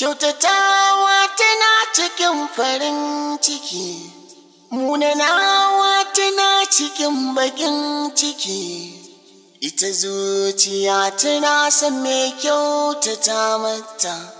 Kyautatawa tana cikin farin ciki, munanawa tana cikin bakin ciki, ita zuciya tana son mai kyautata mata.